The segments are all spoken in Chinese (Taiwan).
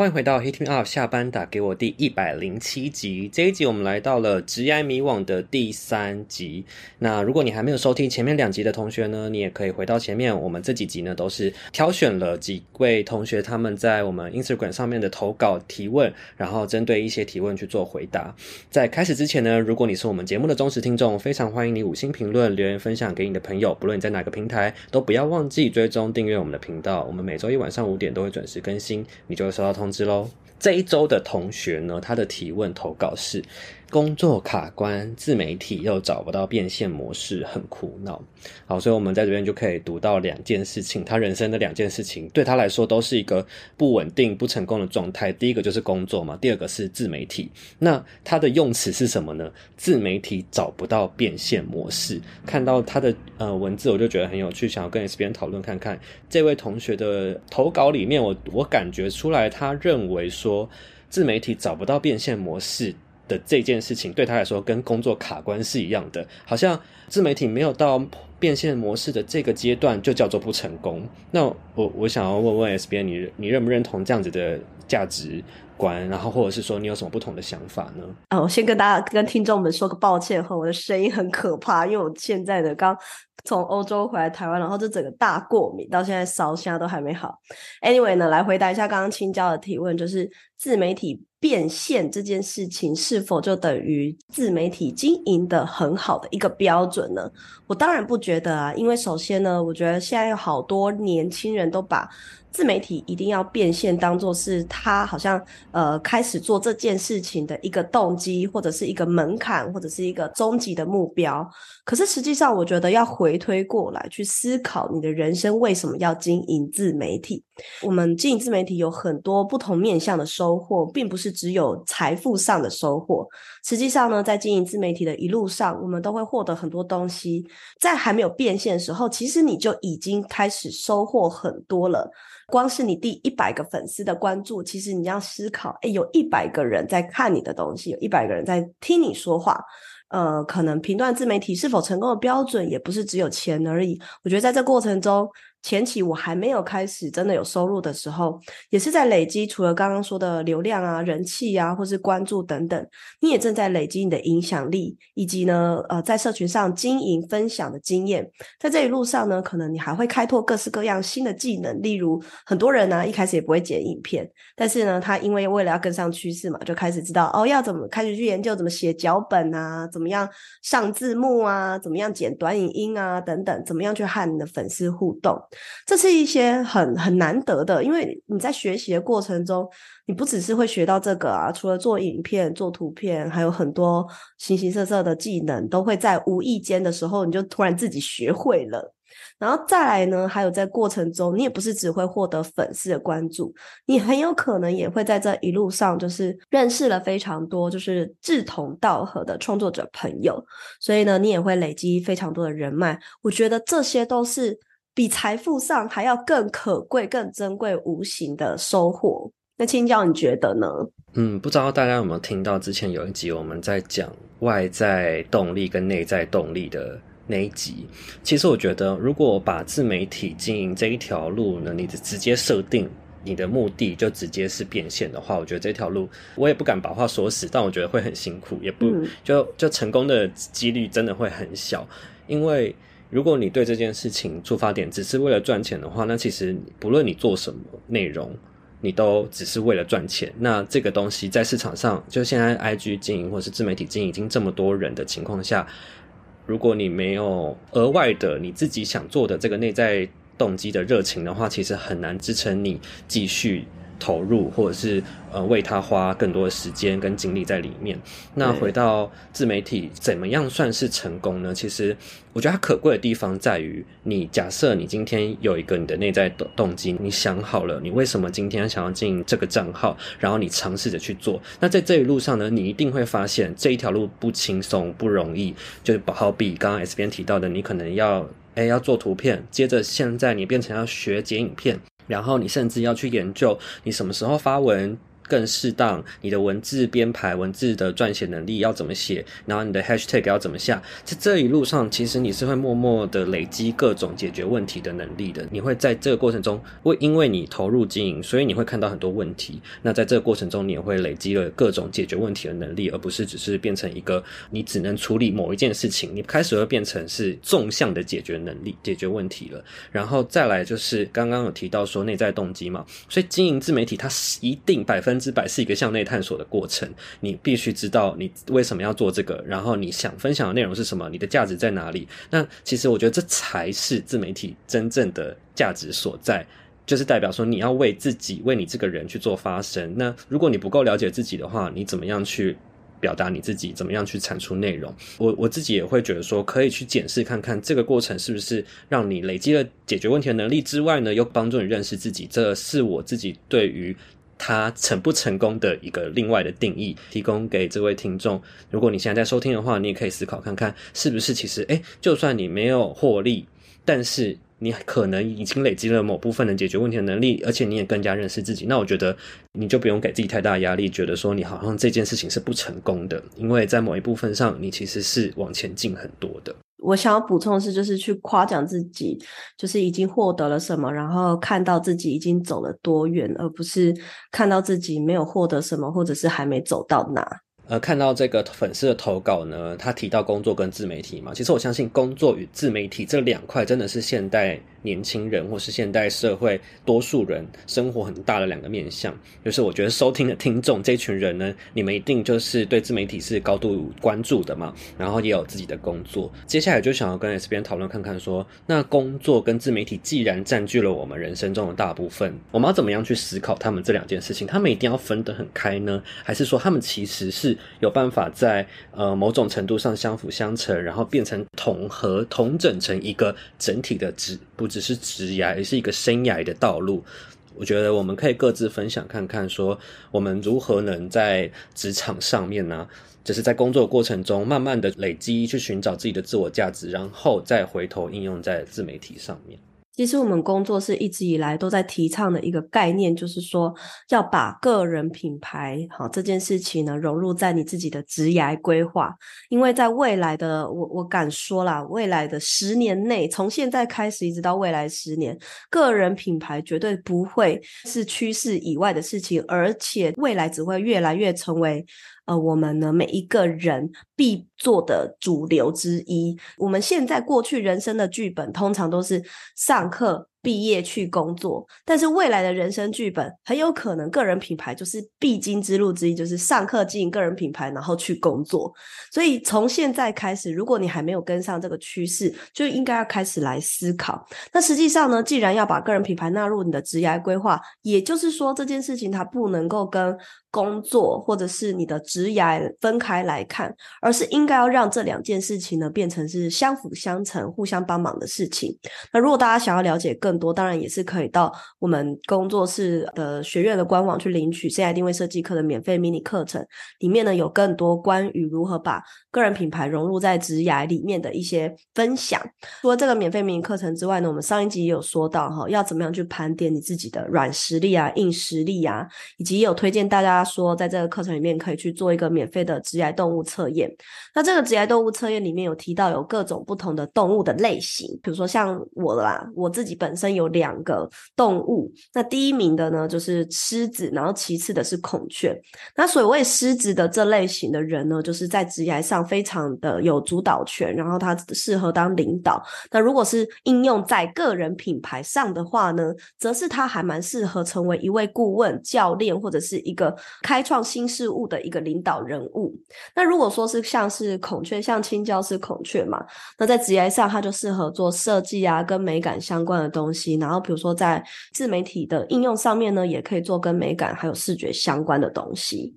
歡迎回到 Hit me up 下班打給我第一百零七集。這一集我們來到了職涯迷惘的第三集。那如果你還沒有收聽前面兩集的同學呢，你也可以回到前面。我們這幾集呢，都是挑選了幾位同學他們在我們 Instagram 上面的投稿提問，然後針對一些提問去做回答。在開始之前呢，如果你是我們節目的忠實聽眾，非常歡迎你五星評論、留言分享給你的朋友。不論你在哪個平台，都不要忘記追蹤訂閱我們的頻道。我們每周一晚上五點都會準時更新，你就會收到通。之嘍，這一周的同學呢，他的提問投稿是。工作卡關，自媒體又找不到變現模式，很苦惱。好，所以我們在這邊就可以讀到兩件事情，他人生的兩件事情對他來說都是一個不穩定、不成功的狀態。第一個就是工作嘛，第二個是自媒體。那他的用詞是什麼呢？自媒體找不到變現模式。看到他的呃文字，我就覺得很有趣，想要跟 S 編這邊討論看看這位同學的投稿裡面，我我感覺出來他認為說自媒體找不到變現模式的這件事情對他來說跟工作卡關是一樣的，好像自媒體沒有到變現模式的這個階段就叫做不成功。那我我想要問問 S 編，你你認不認同這樣子的價值觀？然後或者是說你有什麼不同的想法呢？啊、哦，我先跟大家跟聽眾們說個抱歉哈，我的聲音很可怕，因為我現在的剛。從歐洲回來台灣，然後就整個大過敏，到現在燒，現在都還沒好。Anyway 呢，來回答一下剛剛青椒的提問，就是自媒體變現這件事情是否就等於自媒體經營的很好的一個標準呢？我當然不覺得啊，因為首先呢，我覺得現在有好多年輕人都把自媒體一定要變現當作是他好像呃開始做這件事情的一個動機，或者是一個門檻，或者是一個終極的目標。可是實際上，我覺得要回。回推過來，去思考你的人生為什麼要經營自媒體。我們經營自媒體有很多不同面向的收穫，並不是只有財富上的收穫。實際上呢，在經營自媒體的一路上，我們都會獲得很多東西。在還沒有變現的時候，其實你就已經開始收穫很多了。光是你第一百個粉絲的關注，其實你要思考，誒，有一百個人在看你的東西，有一百個人在聽你說話。呃，可能評斷自媒體是否成功的標準，也不是只有錢而已。我覺得在這過程中，前期我還沒有開始真的有收入的時候，也是在累積。除了剛剛說的流量啊、人氣啊，或是關注等等，你也正在累積你的影響力，以及呢，呃，在社群上經營分享的經驗。在這一路上呢，可能你還會開拓各式各樣新的技能。例如，很多人呢，啊，一開始也不會剪影片，但是呢，他因為為了要跟上趨勢嘛，就開始知道哦要怎麼開始去研究怎麼寫腳本啊，怎麼樣上字幕啊，怎麼樣剪短影音啊，等等，怎麼樣去和你的粉絲互動。這是一些很很難得的，因為你在學習的過程中，你不只是會學到這個啊，除了做影片、做圖片，還有很多形形色色的技能，都會在無意間的時候，你就突然自己學會了。然後再來呢，還有在過程中，你也不是只會獲得粉絲的關注，你很有可能也會在這一路上，就是認識了非常多就是志同道合的創作者朋友，所以呢，你也會累積非常多的人脈。我覺得這些都是。比財富上還要更可貴、更珍貴、無形的收穫。那青椒，你覺得呢？嗯，不知道大家有沒有聽到之前有一集我們在講外在動力跟內在動力的那一集。其實我覺得，如果我把自媒體經營這一條路呢，你的直接設定你的目的就直接是變現的話，我覺得這條路我也不敢把話說死，但我覺得會很辛苦，也不、嗯、就就成功的幾率真的會很小，因為。如果你對這件事情出發點只是為了賺錢的話，那其實不論你做什麼內容，你都只是為了賺錢。那這個東西在市場上，就現在 IG 經營或是自媒體經營已經這麼多人的情況下，如果你沒有額外的你自己想做的這個內在動機的熱情的話，其實很難支撐你繼續投入，或者是呃為他花更多的時間跟精力在裡面。那回到自媒體，怎麼樣算是成功呢？嗯、其實我覺得它可貴的地方在於，你假設你今天有一個你的內在的動機，你想好了你為什麼今天想要進這個賬號，然後你嘗試着去做。那在這一路上呢，你一定會發現這一條路不輕鬆、不容易。就是好比剛剛 S 編提到的，你可能要誒、欸、要做圖片，接着現在你變成要學剪影片。然後你甚至要去研究你什麼時候發文。更適當你的文字編排、文字的撰寫能力要怎麼寫，然後你的 hashtag 要怎麼下，在這一路上，其實你是會默默的累積各種解決問題的能力的。你會在這個過程中，會因為你投入經營，所以你會看到很多問題。那在這個過程中，你也會累積了各種解決問題的能力，而不是只是變成一個你只能處理某一件事情。你開始會變成是縱向的解決能力，解決問題了。然後再來就是剛剛有提到說內在動機嘛，所以經營自媒體，它是一定百分。直白是一個向內探索的過程，你必須知道你為什麼要做這個，然後你想分享的內容是什麼，你的價值在哪裡。那其實我覺得這才是自媒體真正的價值所在，就是代表說你要為自己、為你這個人去做發聲。那如果你不夠了解自己的話，你怎麼樣去表達你自己？怎麼樣去產出內容？我我自己也會覺得說，可以去檢視看看這個過程是不是讓你累積了解決問題的能力之外呢，又幫助你認識自己。這是我自己對於。他成不成功的一個另外的定義，提供給這位聽眾。如果你現在在收聽的話，你也可以思考看看，是不是其實，哎，就算你沒有獲利，但是你可能已經累積了某部分的解決問題的能力，而且你也更加認識自己。那我覺得你就不用給自己太大壓力，覺得說你好像這件事情是不成功的，因為在某一部分上，你其實是往前進很多的。我想要補充的是，就是去誇獎自己，就是已經獲得了什麼，然後看到自己已經走了多遠，而不是看到自己沒有獲得什麼，或者是還沒走到哪。呃，而看到這個粉絲的投稿呢，他提到工作跟自媒體嘛，其實我相信工作與自媒體這兩塊真的是現代年輕人或是現代社會多數人生活很大的兩個面向。就是我覺得收聽的聽眾這群人呢，你們一定就是對自媒體是高度關注的嘛，然後也有自己的工作。接下來就想要跟 S 編討論看看說，說那工作跟自媒體既然占據了我們人生中的大部分，我們要怎麼樣去思考他們這兩件事情？他們一定要分得很開呢，還是說他們其實是？有辦法在呃某種程度上相輔相成，然後變成統合、統整成一個整體的職，不只是職涯，也是一個生涯的道路。我覺得我們可以各自分享看看，說我們如何能在職場上面呢、啊，就是在工作過程中慢慢的累積，去尋找自己的自我價值，然後再回頭應用在自媒體上面。其實我們工作室一直以來都在提倡的一個概念，就是說要把個人品牌好這件事情呢，融入在你自己的職涯規劃。因為在未來的，我我敢說啦，未來的十年內，從現在開始一直到未來十年，個人品牌絕對不會是趨勢以外的事情，而且未來只會越來越成為。呃，我們呢，每一個人必做的主流之一。我們現在過去人生的劇本，通常都是上課。畢業去工作，但是未來的人生劇本很有可能，個人品牌就是必經之路之一，就是上課經營個人品牌，然後去工作。所以從現在開始，如果你還沒有跟上這個趨勢，就應該要開始來思考。那實際上呢，既然要把個人品牌納入你的職涯規劃，也就是說這件事情它不能夠跟工作或者是你的職涯分開來看，而是應該要讓這兩件事情呢變成是相輔相成、互相幫忙的事情。那如果大家想要了解更更多當然也是可以到我們工作室的學院的官網去領取《生涯定位設計課》的免費迷你課程，裡面呢有更多關於如何把個人品牌融入在職涯裡面的一些分享。除了這個免費迷你課程之外呢，我們上一集也有說到哈，要怎麼樣去盤點你自己的軟實力啊、硬實力啊，以及也有推薦大家說，在這個課程裡面可以去做一個免費的職涯動物測驗。那這個職涯動物測驗裡面有提到有各種不同的動物的類型，比如說像我啦，我自己本身有兩個動物。那第一名的呢就是獅子，然後其次的是孔雀。那所謂獅子的這類型的人呢，就是在職涯上。非常的有主導權，然後他適合當領導。那如果是應用在個人品牌上的話呢，則是他還蠻適合成為一位顧問、教練或者是一個開創新事物的一個領導人物。那如果說是像是孔雀，像青椒是孔雀嘛，那在職業上，他就適合做設計啊，跟美感相關的東西。然後比如說在自媒體的應用上面呢，也可以做跟美感還有視覺相關的東西。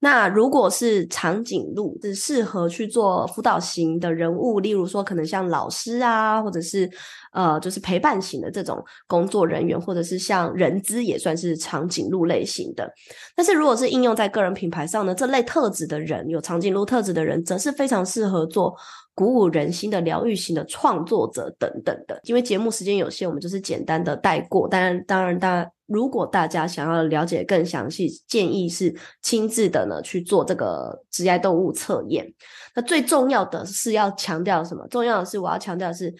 那如果是長頸鹿，是適合去做輔導型的人物，例如說可能像老師啊，或者是，呃，就是陪伴型的這種工作人員，或者是像人資，也算是長頸鹿類型的。但是如果是應用在個人品牌上呢，這類特質的人，有長頸鹿特質的人，則是非常適合做鼓舞人心的、療癒型的創作者等等的。因為節目時間有限，我們就是簡單的帶過。當然，當然，當然。如果大家想要了解更詳細，建議是親自的呢去做這個職業動物測驗。那最重要的是要強調什麼？重要的是我要強調的是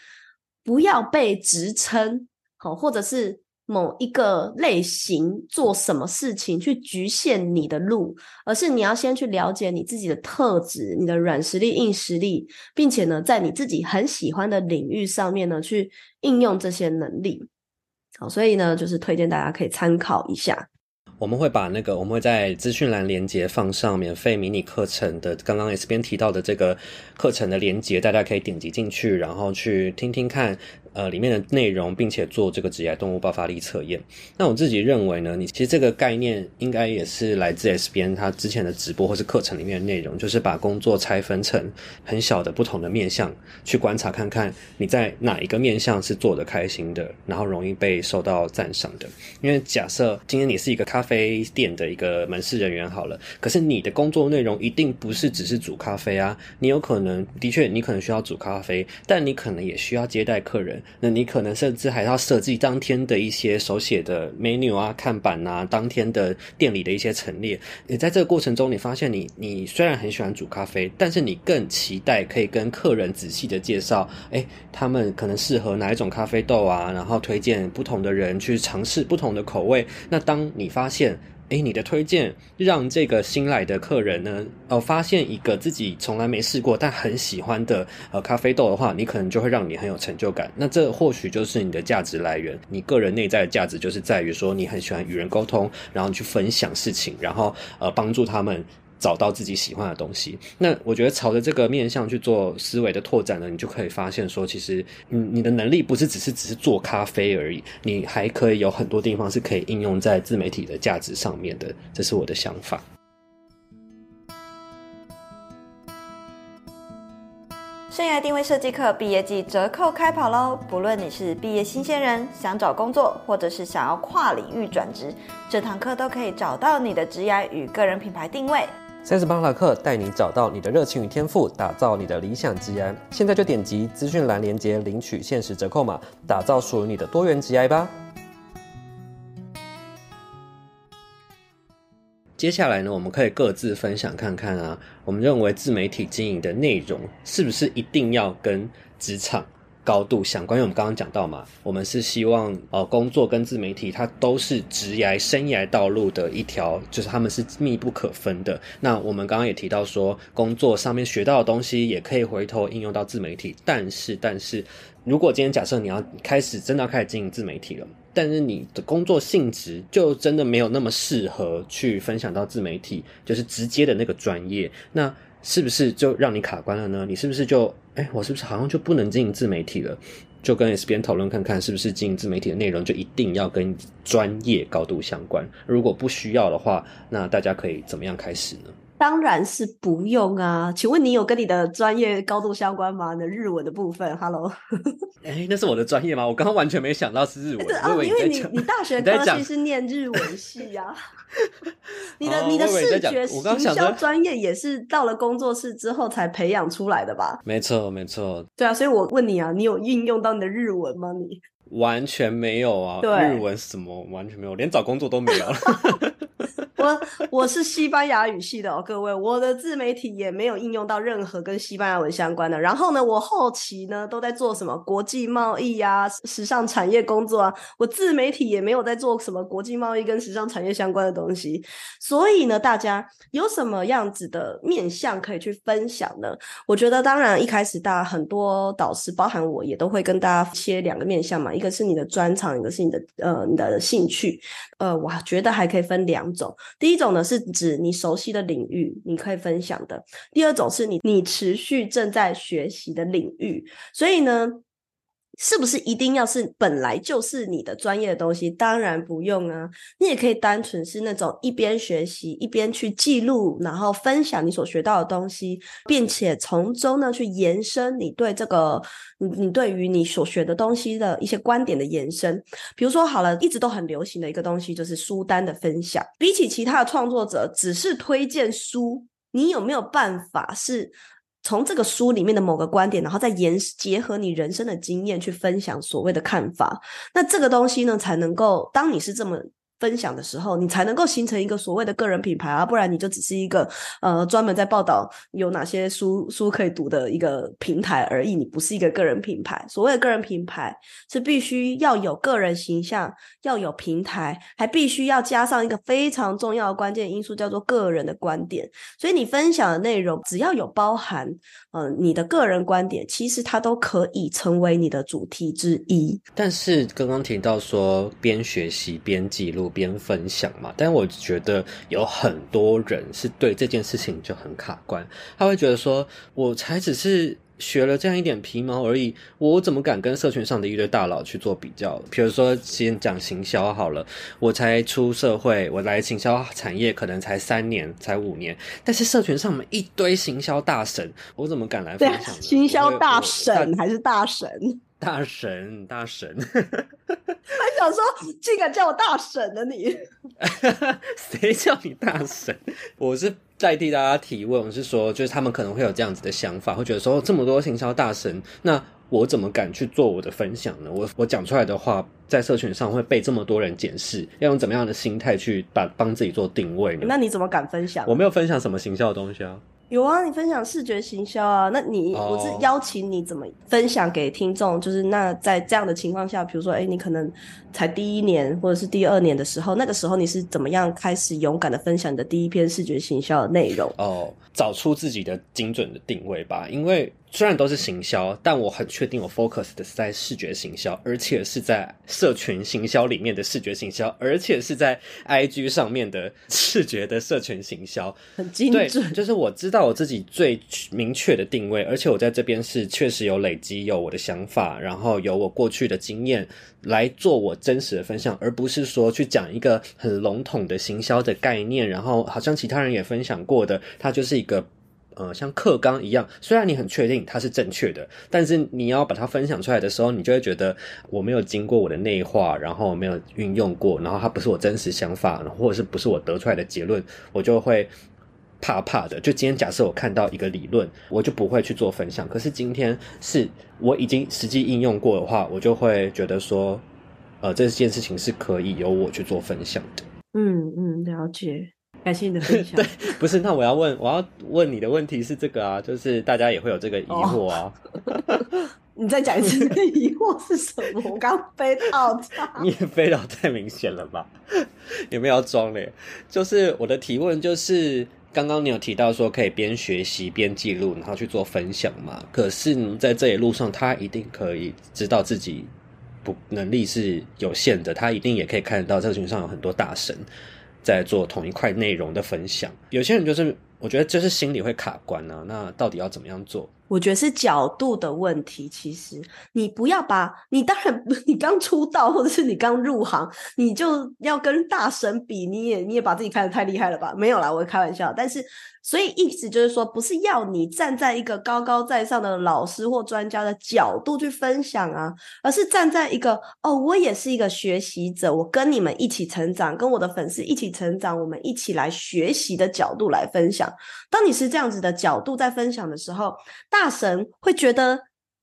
不要被職稱好，或者是某一個類型做什麼事情去局限你的路，而是你要先去了解你自己的特質、你的軟實力、硬實力，並且呢，在你自己很喜歡的領域上面呢去應用這些能力。好，所以呢，就是推薦大家可以參考一下。我們會把那個，我們會在資訊欄連結放上免費迷你課程的，剛剛 S 編提到的這個課程的連結，大家可以點擊進去，然後去聽聽看。呃，裡面的內容，並且做這個職業動物爆發力測驗。那我自己認為呢，你其實這個概念應該也是來自 S 編它之前的直播或是課程裡面的內容，就是把工作拆分成很小的不同的面向，去觀察看看你在哪一個面向是做得開心的，然後容易被受到讚賞的。因為假設今天你是一個咖啡店的一個門市人員好了，可是你的工作內容一定不是只是煮咖啡啊，你有可能的確你可能需要煮咖啡，但你可能也需要接待客人。那你可能甚至還要設計當天的一些手寫的 menu 啊、看板啊，當天的店裡的一些陳列。也在這個過程中，你發現你你雖然很喜歡煮咖啡，但是你更期待可以跟客人仔細的介紹，哎，他們可能適合哪一種咖啡豆啊，然後推薦不同的人去嘗試不同的口味。那當你發現，誒，你的推薦讓這個新來的客人呢，呃，發現一個自己從來沒試過但很喜歡的呃咖啡豆的話，你可能就會讓你很有成就感。那這或許就是你的價值來源。你個人內在的價值就是在於說，你很喜歡與人溝通，然後去分享事情，然後呃幫助他們。找到自己喜歡的東西，那我覺得朝着這個面向去做思維的拓展呢，你就可以發現說，其實你你的能力不是只是只是做咖啡而已，你還可以有很多地方是可以應用在自媒體的價值上面的。這是我的想法。生涯定位設計課畢業季折扣開跑嘍！不論你是畢業新鮮人，想找工作，或者是想要跨領域轉職，這堂課都可以找到你的職涯與個人品牌定位。三十八堂課帶你找到你的熱情與天賦，打造你的理想職涯。現在就點擊資訊欄鏈接領取限時折扣碼，打造屬於你的多元職涯吧。接下來呢，我們可以各自分享看看啊，我們認為自媒體經營的內容是不是一定要跟職場？高度想，關於我們剛剛講到嘛，我們是希望呃，工作跟自媒體它都是職業生涯道路的一條，就是他們是密不可分的。那我們剛剛也提到說，工作上面學到的東西也可以回頭應用到自媒體。但是，但是如果今天假設你要開始真的要開始經營自媒體了，但是你的工作性質就真的沒有那麼適合去分享到自媒體，就是直接的那個專業那。是不是就讓你卡關了呢？你是不是就哎、欸，我是不是好像就不能經營自媒體了？就跟 S 編討論看看，是不是經營自媒體的內容就一定要跟專業高度相關？如果不需要的話，那大家可以怎麼樣開始呢？當然是不用啊，請問你有跟你的專業高度相關嗎？你的日文的部分，Hello。哎，那是我的專業嗎？我剛剛完全沒想到是日文。對啊，哦、未未因為你你大學科系是念日文系啊。你，在 你的、哦、你的視覺行銷專業也是到了工作室之後才培養出來的吧？沒錯沒錯。沒錯，對啊，所以我問你啊，你有運用到你的日文嗎？你？完全沒有啊，對日文是什麼，完全沒有，連找工作都沒有了。 我我是西班牙語系的哦，各位，我的自媒體也沒有應用到任何跟西班牙文相關的。然後呢，我後期呢都在做什麼國際貿易啊、時尚產業工作啊，我自媒體也沒有在做什麼國際貿易跟時尚產業相關的東西。所以呢，大家有什麼樣子的面向可以去分享呢？我覺得，當然一開始大家很多導師，包含我也都會跟大家切兩個面向嘛。一個是你的專長，一個是你的呃你的興趣，呃，我覺得還可以分兩種。第一種呢是指你熟悉的領域，你可以分享的；第二種是你你持續正在學習的領域。所以呢。是不是一定要是本來就是你的專業的東西？當然不用啊，你也可以單純是那種一邊學習一邊去記錄，然後分享你所學到的東西，並且從中呢去延伸你對這個你你對於你所學的東西的一些觀點的延伸。比如說，好了，一直都很流行的一個東西就是書單的分享，比起其他的創作者只是推薦書，你有沒有辦法是？從這個書裡面的某個觀點，然後再延結合你人生的經驗去分享所謂的看法，那這個東西呢，才能夠當你是這麼。分享的時候，你才能夠形成一個所謂的個人品牌啊，不然你就只是一個呃專門在報道有哪些書書可以讀的一個平台而已，你不是一個個人品牌。所謂的個人品牌是必須要有個人形象，要有平台，還必須要加上一個非常重要的關鍵因素，叫做個人的觀點。所以你分享的內容只要有包含嗯、呃、你的個人觀點，其實它都可以成為你的主題之一。但是剛剛提到說邊學習邊記錄。邊分享嘛，但我覺得有很多人是對這件事情就很卡關，他會覺得說，我才只是學了這樣一點皮毛而已，我怎麼敢跟社群上的一堆大佬去做比較？比如說先講行銷好了，我才出社會，我來行銷產業可能才三年、才五年，但是社群上面一堆行銷大神，我怎麼敢來分享？對，行銷大神大還是大神？大神，大神， 還想說，竟敢叫我大神呢、啊？你，誰 叫你大神？我是在替大家提問，我是說，就是他們可能會有這樣子的想法，會覺得說，這麼多行銷大神，那我怎麼敢去做我的分享呢？我我講出來的話。在社群上會被這麼多人檢視，要用怎麼樣的心態去把幫自己做定位呢？那你怎麼敢分享？我沒有分享什麼行銷的東西啊。有啊，你分享視覺行銷啊。那你、哦、我是邀請你怎麼分享給聽眾？就是那在這樣的情況下，比如說，哎，你可能才第一年或者是第二年的時候，那個時候你是怎麼樣開始勇敢的分享你的第一篇視覺行銷的內容？哦，找出自己的精準的定位吧。因為雖然都是行銷，但我很確定我 focus 的是在視覺行銷，而且是在。社群行銷裡面的視覺行銷，而且是在 IG 上面的視覺的社群行銷，很精準。對，就是我知道我自己最明確的定位，而且我在這邊是確實有累積，有我的想法，然後有我過去的經驗來做我真實的分享，而不是說去講一個很籠統的行銷的概念，然後好像其他人也分享過的，它就是一個。呃、嗯，像課綱一樣，雖然你很確定它是正確的，但是你要把它分享出來的時候，你就會覺得我沒有經過我的內化，然後我沒有運用過，然後它不是我真實想法，或者是不是我得出來的結論，我就會怕怕的。就今天假設我看到一個理論，我就不會去做分享。可是今天是我已經實際應用過的話，我就會覺得說，呃，這件事情是可以由我去做分享的。嗯嗯，了解。開心的分享 對，不是，那我要問我要問你的問題是這個啊，就是大家也會有這個疑惑啊。 oh. 你再講一次這個疑惑是什麼？我剛飛到 你也飛到太明顯了吧？ 有沒有要裝呢？就是我的提問就是，剛剛你有提到說可以邊學習邊記錄，然後去做分享嘛？可是，在這一路上，他一定可以知道自己不能力是有限的，他一定也可以看到社群上有很多大神。在做同一塊內容的分享，有些人就是。我覺得這是心理會卡關啊，那到底要怎麼樣做？我覺得是角度的問題。其實你不要把，你當然你剛出道或者是你剛入行，你就要跟大神比，你也你也把自己看得太厲害了吧？沒有啦，我會開玩笑。但是所以意思就是說，不是要你站在一個高高在上的老師或專家的角度去分享啊，而是站在一個哦，我也是一個學習者，我跟你們一起成長，跟我的粉絲一起成長，我們一起來學習的角度來分享。當你是這樣子的角度在分享的時候，大神會覺得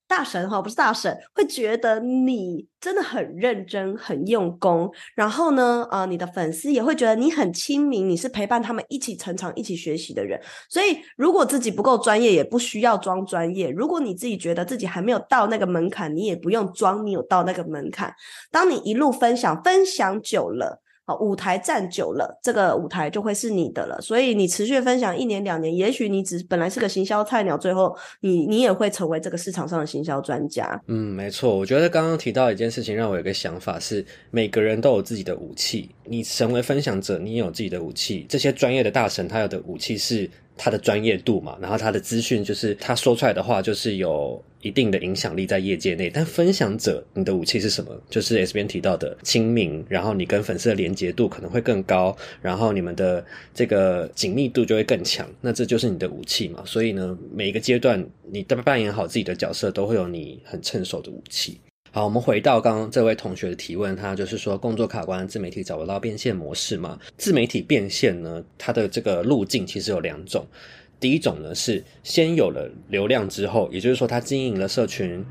大神哈、哦，不是大神，會覺得你真的很認真、很用功。然後呢，啊、呃，你的粉絲也會覺得你很親民，你是陪伴他們一起成長、一起學習的人。所以，如果自己不夠專業，也不需要裝專業。如果你自己覺得自己還沒有到那個門檻，你也不用裝你有到那個門檻。當你一路分享，分享久了。好，舞台站久了，這個舞台就會是你的了。所以你持續分享一年兩年，也許你只本來是個行銷菜鳥，最後你你也會成為這個市場上的行銷專家。嗯，沒錯。我覺得剛剛提到一件事情，讓我有個想法是，每個人都有自己的武器。你成為分享者，你也有自己的武器。這些專業的大神，他有的武器是。他的專業度嘛，然後他的資訊就是他說出來的話就是有一定的影響力在業界內。但分享者，你的武器是什麼？就是 S 編提到的親民，然後你跟粉絲的連接度可能會更高，然後你們的這個緊密度就會更強。那這就是你的武器嘛。所以呢，每一個階段，你扮演好自己的角色，都會有你很趁手的武器。好，我們回到剛剛這位同學的提問，他就是說，工作卡關，自媒體找不到變現模式嘛。自媒體變現呢，它的這個路徑其實有兩種，第一種呢，是先有了流量之後，也就是說，他經營了社群。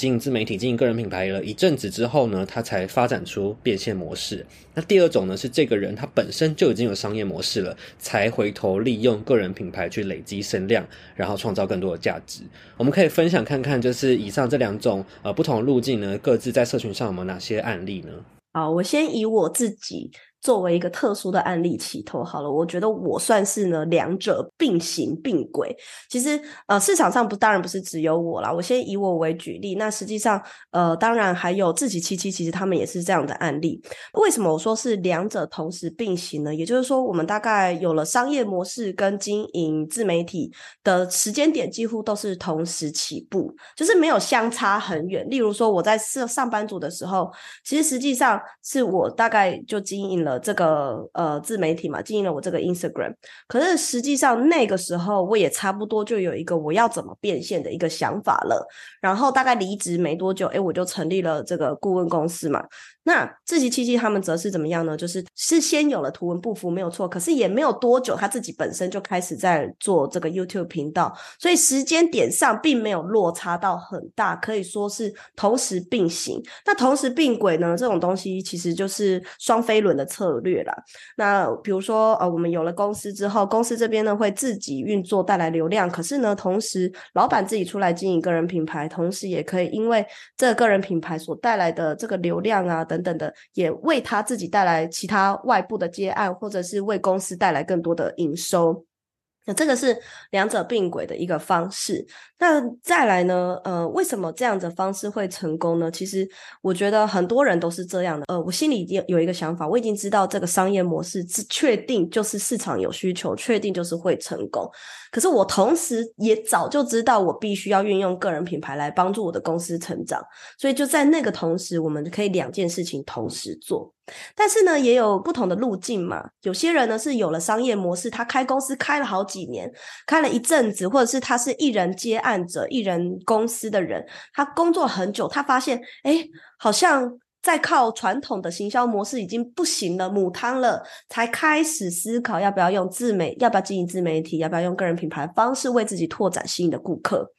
進自媒體、經營個人品牌，了一陣子之後呢，他才發展出變現模式。那第二種呢，是這個人他本身就已經有商業模式了，才回頭利用個人品牌去累積聲量，然後創造更多的價值。我們可以分享看看，就是以上這兩種呃不同路徑呢，各自在社群上有沒有哪些案例呢？好，我先以我自己。作為一個特殊的案例起頭好了，我覺得我算是呢兩者並行並軌。其實呃市場上不當然不是只有我啦，我先以我為舉例。那實際上呃當然還有自己七七，其實他們也是這樣的案例。為什麼我說是兩者同時並行呢？也就是說我們大概有了商業模式跟經營自媒體的時間點幾乎都是同時起步，就是沒有相差很遠。例如說我在上上班族的時候，其實實際上是我大概就經營了。這個、呃，這個呃自媒體嘛，經營了我這個 Instagram，可是實際上那個時候我也差不多就有一個我要怎麼變現的一個想法了，然後大概離職沒多久，哎，我就成立了這個顧問公司嘛。那志祺七七他們則是怎麼樣呢？就是事先有了圖文不符沒有錯，可是也沒有多久，他自己本身就開始在做這個 YouTube 頻道，所以時間點上並沒有落差到很大，可以說是同時並行。那同時並軌呢？這種東西其實就是雙飛輪的策略啦。那比如說，呃，我們有了公司之後，公司這邊呢會自己運作帶來流量，可是呢，同時老闆自己出來經營個人品牌，同時也可以因為這個個人品牌所帶來的這個流量啊。等等的，也為他自己帶來其他外部的接案，或者是為公司帶來更多的營收。那這個是兩者並軌的一個方式。那再來呢？呃，為什麼這樣的方式會成功呢？其實我覺得很多人都是這樣的。呃，我心裡已經有一個想法，我已經知道這個商業模式是確定就是市場有需求，確定就是會成功。可是我同時也早就知道，我必須要運用個人品牌來幫助我的公司成長。所以就在那個同時，我們可以兩件事情同時做。但是呢，也有不同的路徑嘛。有些人呢是有了商業模式，他開公司開了好幾年，開了一陣子，或者是他是一人接案者、一人公司的人，他工作很久，他發現，誒，好像在靠傳統的行銷模式已經不行了，母湯了，才開始思考要不要用自媒，要不要經營自媒體，要不要用個人品牌方式為自己拓展新的顧客。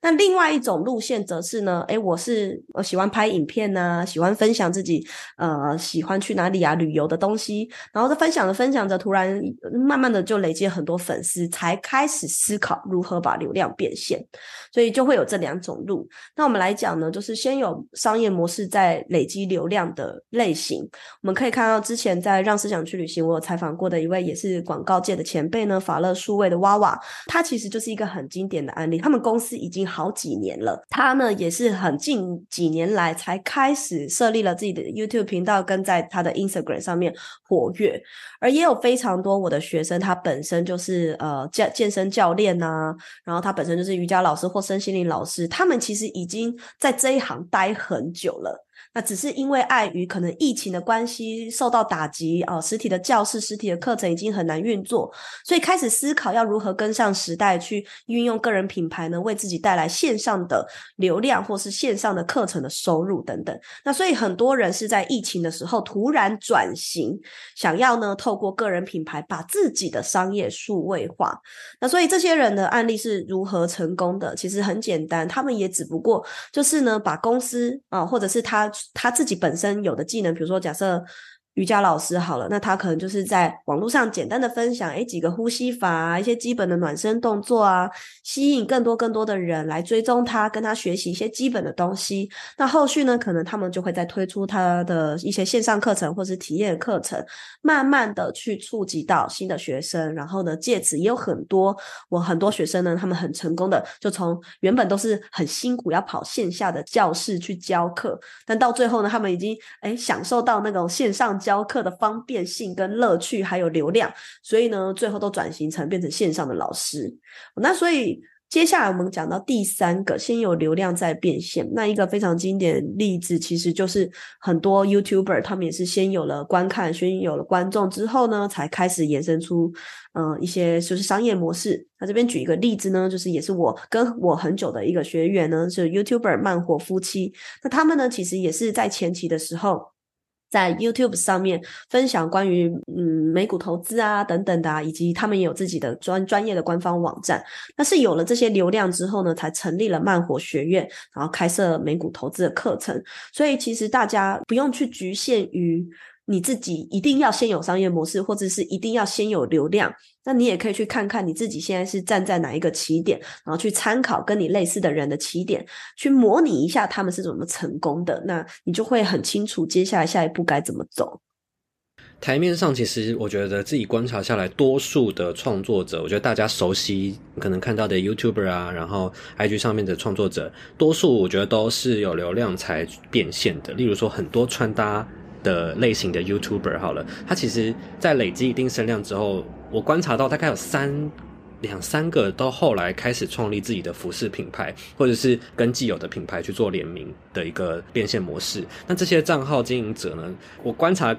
那另外一種路線則是呢，哎，我是我喜歡拍影片吶、啊，喜歡分享自己，呃，喜歡去哪裡啊，旅遊的東西，然後這分享着分享着，突然慢慢的就累積很多粉絲，才開始思考如何把流量變現，所以就會有這兩種路。那我們來講呢，就是先有商業模式再累積流量的類型，我們可以看到之前在《讓思想去旅行》，我有採訪過的一位也是廣告界的前輩呢，法樂數位的娃娃，他其實就是一個很經典的案例，他們公司已經好幾年了，他呢也是很近幾年來才開始設立了自己的 YouTube 頻道，跟在他的 Instagram 上面活躍。而也有非常多我的學生，他本身就是呃健健身教練吶啊，然後他本身就是瑜伽老師或身心靈老師，他們其實已經在這一行待很久了。那只是因為礙於可能疫情的關係，受到打擊哦，實體的教室、實體的課程已經很難運作，所以開始思考要如何跟上時代，去運用個人品牌呢，為自己帶來線上的流量或是線上的課程的收入等等。那所以很多人是在疫情的時候突然轉型，想要呢透過個人品牌把自己的商業數位化。那所以這些人的案例是如何成功的？其實很簡單，他們也只不過就是呢把公司啊、哦，或者是他。他自己本身有的技能，比如說，假設瑜伽老師好了，那他可能就是在網絡上簡單的分享，哎，幾個呼吸法啊，一些基本的暖身動作啊，吸引更多更多的人來追蹤他，跟他學習一些基本的東西。那後續呢，可能他們就會再推出他的一些線上課程或是體驗課程，慢慢的去觸及到新的學生。然後呢，借此也有很多，我很多學生呢，他們很成功的就從原本都是很辛苦要跑線下的教室去教課，但到最後呢，他們已經哎享受到那種線上教。教課的方便性跟樂趣，還有流量，所以呢，最後都轉型成變成線上的老師。那所以接下來我們講到第三個，先有流量再變現。那一個非常經典的例子，其實就是很多 YouTuber 他們也是先有了觀看，先有了觀眾之後呢，才開始延伸出嗯、呃、一些就是商業模式。那這邊舉一個例子呢，就是也是我跟我很久的一個學員呢，是 YouTuber 慢活夫妻。那他們呢，其實也是在前期的時候。在 YouTube 上面分享關於嗯、美股投資啊等等的啊，以及他們也有自己的專專業的官方網站。但是有了這些流量之後呢，才成立了慢活學院，然後開設美股投資的課程。所以其實大家不用去侷限於。你自己一定要先有商業模式，或者是一定要先有流量。那你也可以去看看你自己現在是站在哪一個起點，然後去參考跟你類似的人的起點，去模擬一下他們是怎麼成功的。那你就會很清楚接下來下一步該怎麼走。台面上其實我覺得自己觀察下來，多數的創作者，我覺得大家熟悉可能看到的 YouTuber 啊，然後 IG 上面的創作者，多數我覺得都是有流量才變現的。例如說很多穿搭，的類型的 YouTuber 好了，他其實在累積一定聲量之後，我觀察到大概有三兩三個都後來開始創立自己的服飾品牌，或者是跟既有的品牌去做聯名的一個變現模式。那這些賬號經營者呢，我觀察。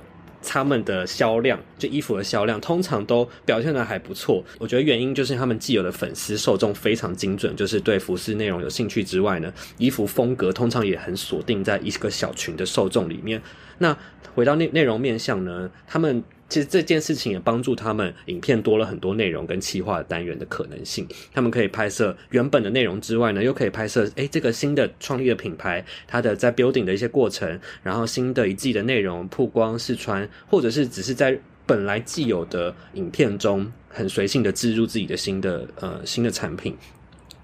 他們的銷量，就衣服的銷量，通常都表現得還不錯。我覺得原因就是因他們既有的粉絲受眾非常精準，就是對服飾內容有興趣之外呢，衣服風格通常也很鎖定在一個小群的受眾裡面。那回到內內容面向呢，他們。其實這件事情也幫助他們，影片多了很多內容跟企劃單元的可能性。他們可以拍攝原本的內容之外呢，又可以拍攝，誒這個新的創立的品牌，它的在 building 的一些過程，然後新的一季的內容曝光試穿，或者是只是在本來既有的影片中很隨性的置入自己的新的呃新的產品。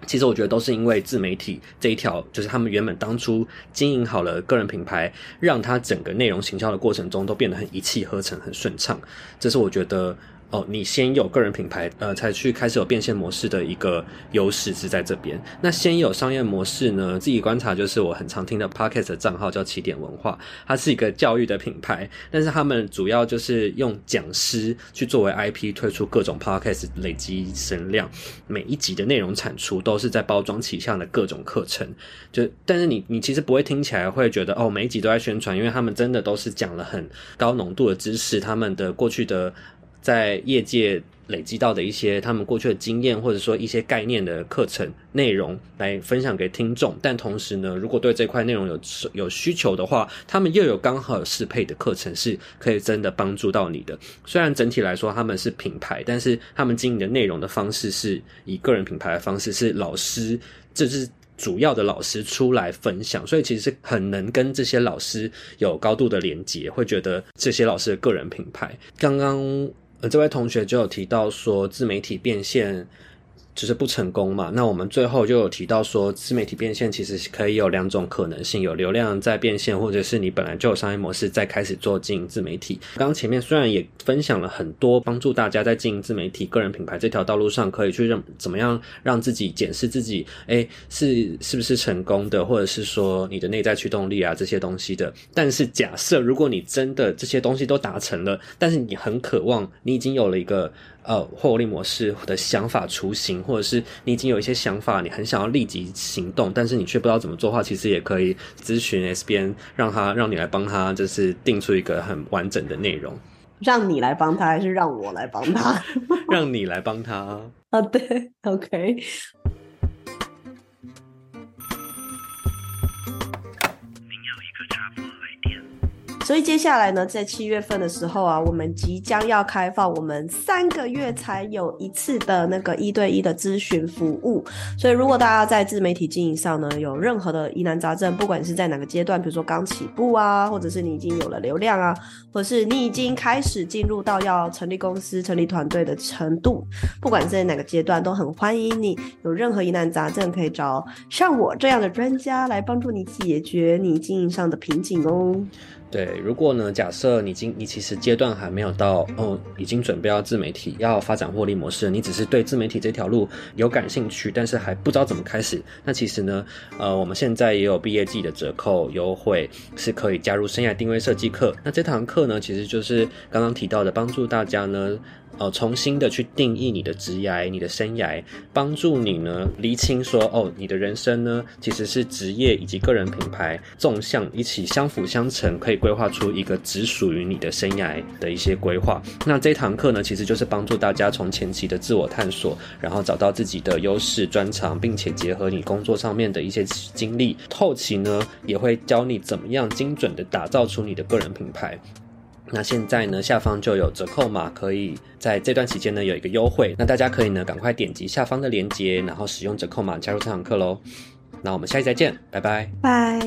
其實我覺得都是因為自媒體這一條，就是他們原本當初經營好了個人品牌，讓他整個內容行銷的過程中都變得很一氣呵成、很順暢。這是我覺得。哦，你先有個人品牌，呃，才去開始有變現模式的一個優勢是在這邊。那先有商業模式呢？自己觀察就是我很常聽的 podcast 的賬號叫起點文化，它是一個教育的品牌，但是他們主要就是用講師去作為 IP 推出各種 podcast，累積聲量。每一集的內容產出都是在包裝旗下的各種課程，就但是你你其實不會聽起來會覺得哦，每一集都在宣傳，因為他們真的都是講了很高濃度的知識，他們的過去的。在業界累積到的一些他們過去的經驗，或者說一些概念的課程內容來分享給聽眾。但同時呢，如果對這塊內容有有需求的話，他們又有剛好適配的課程是可以真的幫助到你的。雖然整體來說他們是品牌，但是他們經營的內容的方式是以個人品牌的方式，是老師，這，就是主要的老師出來分享，所以其實是很能跟這些老師有高度的連接，會覺得這些老師的個人品牌剛剛。剛剛而這位同學就有提到說自媒體變現。就是不成功嘛？那我們最後就有提到說，自媒體變現其實可以有兩種可能性：有流量在變現，或者是你本來就有商業模式，再開始做經營自媒體。剛剛前面雖然也分享了很多幫助大家在經營自媒體、個人品牌這條道路上，可以去讓怎麼樣讓自己檢視自己，誒，是是不是成功的，或者是說你的內在驅動力啊這些東西的。但是假設如果你真的這些東西都達成了，但是你很渴望，你已經有了一個。呃，獲利模式的想法雛形，或者是你已經有一些想法，你很想要立即行動，但是你卻不知道怎麼做的話，其實也可以諮詢 S 編，讓他讓你來幫他，就是定出一個很完整的內容。讓你來幫他，還是讓我來幫他？ 讓你來幫他。啊、oh,，對，OK。所以接下來呢，在七月份的時候啊，我們即將要開放我們三個月才有一次的那個一對一的諮詢服務。所以如果大家在自媒體經營上呢，有任何的疑難雜症，不管是在哪個階段，比如說剛起步啊，或者是你已經有了流量啊，或者是你已經開始進入到要成立公司、成立團隊的程度，不管是在哪個階段，都很歡迎你有任何疑難雜症可以找像我這樣的專家來幫助你解決你經營上的瓶頸哦。對，如果呢，假設你今你其實階段還沒有到，哦，已經準備要自媒體，要發展獲利模式，你只是對自媒體這條路有感興趣，但是還不知道怎麼開始。那其實呢，呃，我們現在也有畢業季的折扣優惠，有是可以加入生涯定位設計課。那這堂課呢，其實就是剛剛提到的，幫助大家呢。呃、哦，重新的去定義你的職涯、你的生涯，幫助你呢釐清說，哦，你的人生呢其實是職業以及個人品牌縱向一起相輔相成，可以規劃出一個只屬於你的生涯的一些規劃。那這堂課呢，其實就是幫助大家從前期的自我探索，然後找到自己的優勢專長，並且結合你工作上面的一些經歷，後期呢也會教你怎麼樣精準地打造出你的個人品牌。那現在呢，下方就有折扣碼，可以在這段期間呢有一個優惠。那大家可以呢趕快點擊下方的鏈接，然後使用折扣碼加入這堂課嘍。那我們下期再見，拜拜。拜。